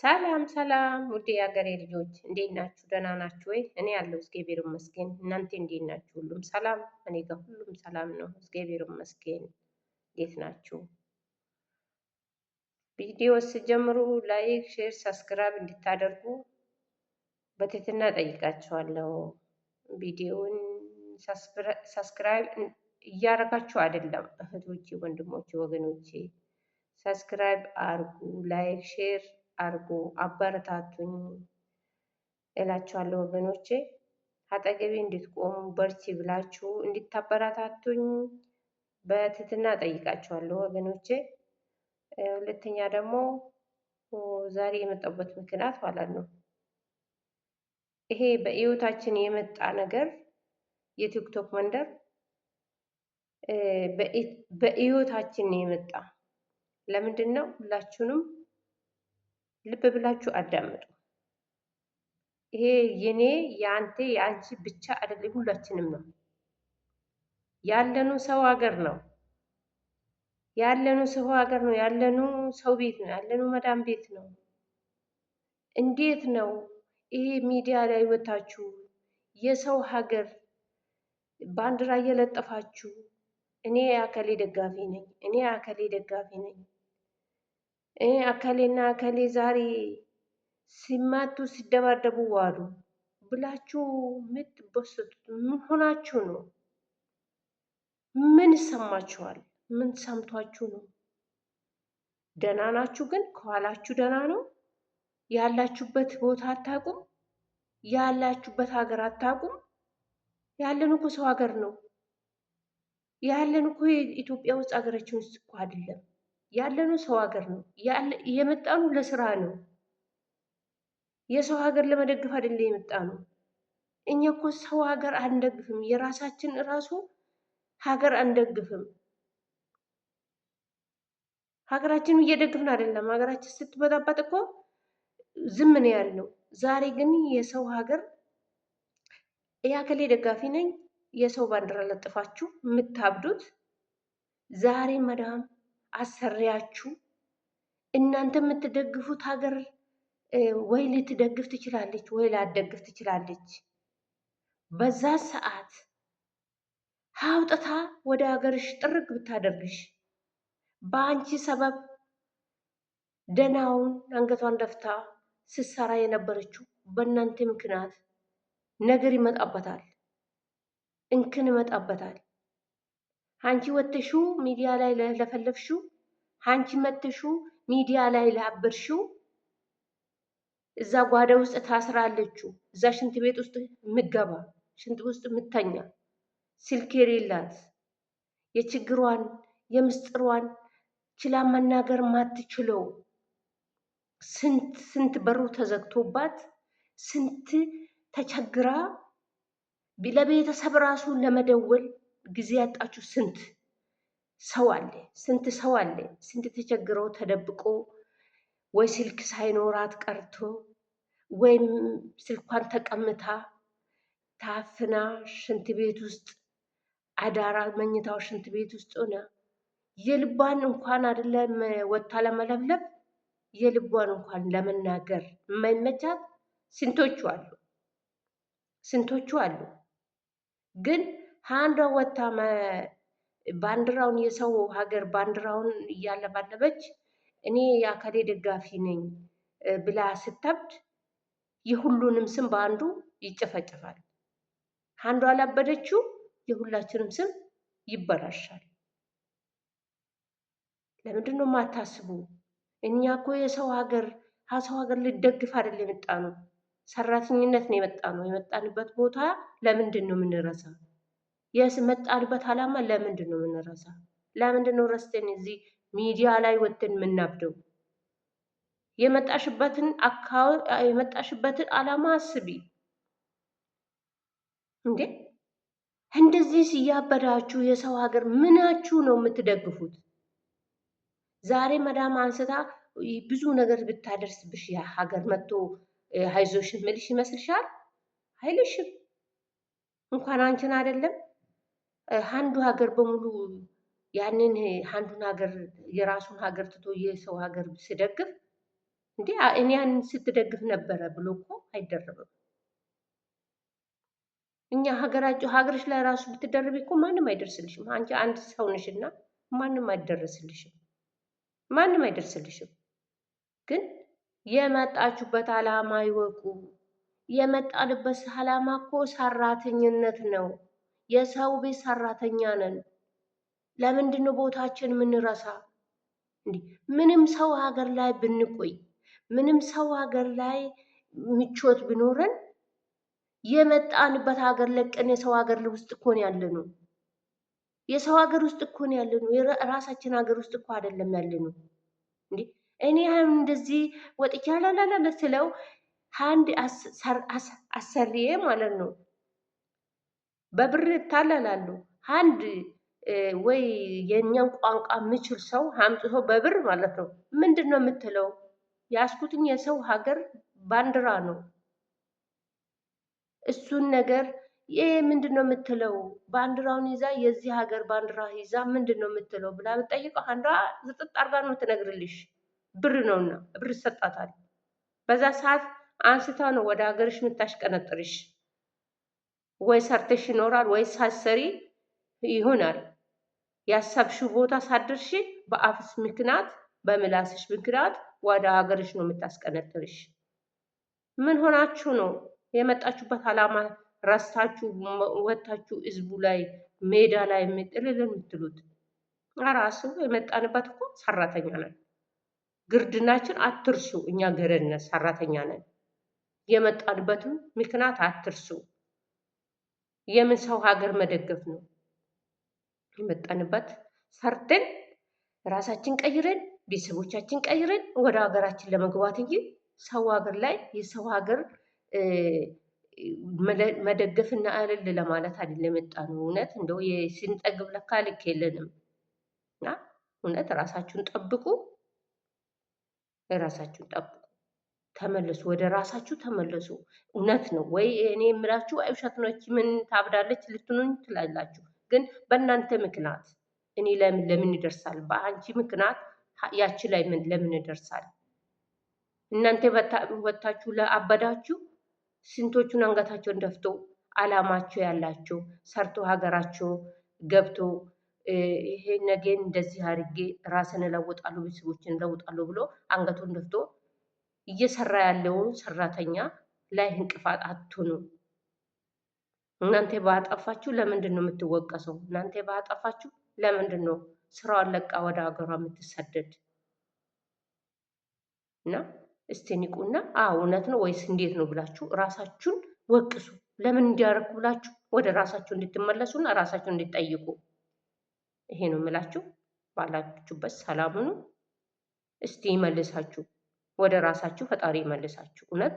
ሰላም ሰላም ውድ የሀገሬ ልጆች እንዴት ናችሁ? ደህና ናችሁ ወይ? እኔ ያለው እግዚአብሔር ይመስገን። እናንተ እንዴት ናችሁ? ሁሉም ሰላም? እኔ ጋር ሁሉም ሰላም ነው፣ እግዚአብሔር ይመስገን። እንዴት ናችሁ? ቪዲዮ ስጀምሩ ላይክ፣ ሼር፣ ሰብስክራይብ እንድታደርጉ በትህትና ጠይቃችኋለሁ። ቪዲዮውን ሰብስክራይብ እያደረጋችሁ አይደለም እህቶቼ፣ ወንድሞቼ፣ ወገኖቼ ሰብስክራይብ አርጉ፣ ላይክ፣ ሼር አርጎ አበረታቱኝ እላችኋለሁ ወገኖቼ። አጠገቤ እንድትቆሙ በርቺ ብላችሁ እንድታበረታቱኝ በትህትና ጠይቃችኋለሁ ወገኖቼ። ሁለተኛ ደግሞ ዛሬ የመጣሁበት ምክንያት ማለት ነው ይሄ በህይወታችን የመጣ ነገር የቲክቶክ መንደር በህይወታችን የመጣ ለምንድን ነው ሁላችሁንም ልብ ብላችሁ አዳምጡ። ይሄ የኔ የአንተ የአንቺ ብቻ አይደለም፣ ሁላችንም ነው ያለኑ። ሰው ሀገር ነው ያለኑ፣ ሰው ሀገር ነው ያለኑ፣ ሰው ቤት ነው ያለኑ፣ መዳም ቤት ነው። እንዴት ነው ይሄ ሚዲያ ላይ ወታችሁ የሰው ሀገር ባንዲራ እየለጠፋችሁ እኔ አከሌ ደጋፊ ነኝ፣ እኔ አከሌ ደጋፊ ነኝ አከሌና አከሌ ዛሬ ሲማቱ ሲደባደቡ ዋሉ ብላችሁ የምትበሰቱት ምን ሆናችሁ ነው? ምን ሰማችኋል? ምን ሰምቷችሁ ነው? ደህና ናችሁ? ግን ከኋላችሁ ደህና ነው? ያላችሁበት ቦታ አታውቁም? ያላችሁበት ሀገር አታውቁም? ያለን እኮ ሰው ሀገር ነው ያለን እኮ የኢትዮጵያ ውስጥ ሀገራችን ውስጥ እኮ አይደለም። ያለነው ሰው ሀገር ነው የመጣኑ ለስራ ነው። የሰው ሀገር ለመደግፍ አይደለ የመጣ ነው። እኛ እኮ ሰው ሀገር አንደግፍም፣ የራሳችን ራሱ ሀገር አንደግፍም። ሀገራችን እየደግፍን አይደለም። ሀገራችን ስትበጣበጥ እኮ ዝም ነው ያለው። ዛሬ ግን የሰው ሀገር ያከሌ ደጋፊ ነኝ የሰው ባንዲራ ለጥፋችሁ የምታብዱት ዛሬ መዳም አሰሪያችሁ እናንተ የምትደግፉት ሀገር ወይ ልትደግፍ ትችላለች ወይ ላትደግፍ ትችላለች። በዛ ሰዓት ሀውጥታ ወደ ሀገርሽ ጥርግ ብታደርግሽ በአንቺ ሰበብ ደናውን አንገቷን ደፍታ ስትሰራ የነበረችው በእናንተ ምክንያት ነገር ይመጣበታል፣ እንክን ይመጣበታል። አንቺ ወጥሹ ሚዲያ ላይ ለፈለፍሹ፣ አንቺ መጥሹ ሚዲያ ላይ ላብርሹ። እዛ ጓዳ ውስጥ ታስራለችው፣ እዛ ሽንት ቤት ውስጥ ምገባ፣ ሽንት ውስጥ ምተኛ፣ ስልክ የሌላት የችግሯን የምስጥሯን ችላ መናገር ማትችለው ስንት ስንት በሩ ተዘግቶባት ስንት ተቸግራ ለቤተሰብ ራሱ ለመደወል ጊዜ ያጣችሁ ስንት ሰው አለ፣ ስንት ሰው አለ፣ ስንት ተቸግረው ተደብቆ ወይ ስልክ ሳይኖራት ቀርቶ ወይም ስልኳን ተቀምታ ታፍና ሽንት ቤት ውስጥ አዳራ መኝታው ሽንት ቤት ውስጥ ሆነ የልቧን እንኳን አይደለም ወጥታ ለመለብለብ የልቧን እንኳን ለመናገር የማይመቻት ስንቶቹ አሉ፣ ስንቶቹ አሉ ግን አንዷ ወታ ባንዲራውን የሰው ሀገር ባንዲራውን እያለባለበች እኔ የአካሌ ደጋፊ ነኝ ብላ ስታብድ የሁሉንም ስም በአንዱ ይጨፈጨፋል አንዷ አላበደችው፣ የሁላችንም ስም ይበላሻል። ለምንድን ነው የማታስቡ? እኛ እኮ የሰው ሀገር ከሰው ሀገር ልደግፍ አይደል የመጣ ነው። ሰራተኝነት ነው የመጣ ነው። የመጣንበት ቦታ ለምንድን ነው የምንረሳው? የመጣንበት ዓላማ ለምንድን ነው የምንረሳ? ለምንድን ነው ረስተን እዚህ ሚዲያ ላይ ወጥተን የምናብደው? የመጣሽበትን የመጣሽበትን ዓላማ አስቢ እንዴ! እንደዚህ ሲያበዳችሁ የሰው ሀገር ምናችሁ ነው የምትደግፉት? ዛሬ መዳም አንስታ ብዙ ነገር ብታደርስብሽ ያ ሀገር መጥቶ ሀይዞሽ ምልሽ ይመስልሻል? አይልሽም። እንኳን አንቺን አይደለም አንዱ ሀገር በሙሉ ያንን አንዱን ሀገር የራሱን ሀገር ትቶ የሰው ሀገር ስደግፍ እንዴ እኔ ያንን ስትደግፍ ነበረ ብሎ እኮ አይደረብም። እኛ ሀገራቸው ሀገርሽ ላይ ራሱ ብትደረብ እኮ ማንም አይደርስልሽም። አንቺ አንድ ሰው ነሽና ማንም አይደርስልሽም፣ ማንም አይደርስልሽም። ግን የመጣችሁበት አላማ ይወቁ። የመጣንበት ዓላማ እኮ ሰራተኝነት ነው። የሰው ቤት ሰራተኛ ነን። ለምንድን ነው ቦታችን ምንረሳ ምንም ሰው ሀገር ላይ ብንቆይ ምንም ሰው ሀገር ላይ ምቾት ቢኖረን የመጣንበት ሀገር ለቀን የሰው ሀገር ውስጥ እኮ ነው ያለ ነው። የሰው ሀገር ውስጥ እኮ ነው ያለ ነው። የራሳችን ሀገር ውስጥ እኮ አይደለም ያለ ነው። እንዴ እኔ አሁን እንደዚህ ወጥቻ ላላላ ስለው አንድ አሰሪዬ ማለት ነው በብር ይታለላሉ። አንድ ወይ የእኛን ቋንቋ የሚችል ሰው አምጥቶ በብር ማለት ነው ምንድን ነው የምትለው? ያስኩትኝ የሰው ሀገር ባንዲራ ነው እሱን ነገር ይሄ ምንድን ነው የምትለው? ባንዲራውን ይዛ የዚህ ሀገር ባንዲራ ይዛ ምንድን ነው የምትለው ብላ ብትጠይቀው አንዷ ዝጥጥ አርጋ ነው ትነግርልሽ። ብር ነውና ብር ይሰጣታል። በዛ ሰዓት አንስታ ነው ወደ ሀገርሽ የምታሽቀነጥርሽ። ወይ ሰርተሽ ይኖራል ወይ ሳሰሪ ይሆናል። ያሰብሽው ቦታ ሳደርሽ በአፍስ ምክንያት በምላስሽ ምክንያት ወደ ሀገርሽ ነው የምታስቀነጥልሽ። ምን ሆናችሁ ነው የመጣችሁበት አላማ ረስታችሁ ወታችሁ ህዝቡ ላይ ሜዳ ላይ የምጥልል የምትሉት? ራሱ የመጣንበት እኮ ሰራተኛ ነን። ግርድናችን አትርሱ። እኛ ገረድነት ሰራተኛ ነን። የመጣንበትም ምክንያት አትርሱ። የምን ሰው ሀገር መደገፍ ነው? የመጣንበት ሰርተን ራሳችን ቀይረን ቤተሰቦቻችን ቀይረን ወደ ሀገራችን ለመግባት እንጂ ሰው ሀገር ላይ የሰው ሀገር መደገፍና እልል ለማለት አይደለም የመጣነው። እውነት እንደው ስንጠግብ ለካ ልክ የለንም እና እውነት ራሳችሁን ጠብቁ፣ ራሳችሁን ጠብቁ። ተመለሱ፣ ወደ ራሳችሁ ተመለሱ። እውነት ነው ወይ እኔ የምላችሁ ውሸት ነች፣ ምን ታብዳለች ልትኑኝ ትላላችሁ። ግን በእናንተ ምክንያት እኔ ለምን ለምን ይደርሳል? በአንቺ ምክንያት ያቺ ላይ ምን ለምን ይደርሳል? እናንተ ወታችሁ ለአበዳችሁ ስንቶቹን አንገታቸውን ደፍቶ አላማቸው ያላቸው ሰርቶ ሀገራቸው ገብቶ ይሄ ነገን እንደዚህ አድርጌ ራስን እለውጣለሁ ቤተሰቦችን እለውጣለሁ ብሎ አንገቱን ደፍቶ እየሰራ ያለውን ሰራተኛ ላይ እንቅፋት አትሁኑ። እናንተ ባጠፋችሁ ለምንድን ነው የምትወቀሰው? እናንተ ባጠፋችሁ ለምንድን ነው ስራዋን ለቃ ወደ ሀገሯ የምትሰደድ? እና እስቲ ንቁና እውነት ነው ወይስ እንዴት ነው ብላችሁ ራሳችሁን ወቅሱ። ለምን እንዲያደርጉ ብላችሁ ወደ ራሳችሁ እንድትመለሱና ራሳችሁ እንድትጠይቁ ይሄ ነው የምላችሁ። ባላችሁበት ሰላም ሁኑ። እስቲ ይመልሳችሁ። ወደ ራሳችሁ ፈጣሪ ይመልሳችሁ። እውነት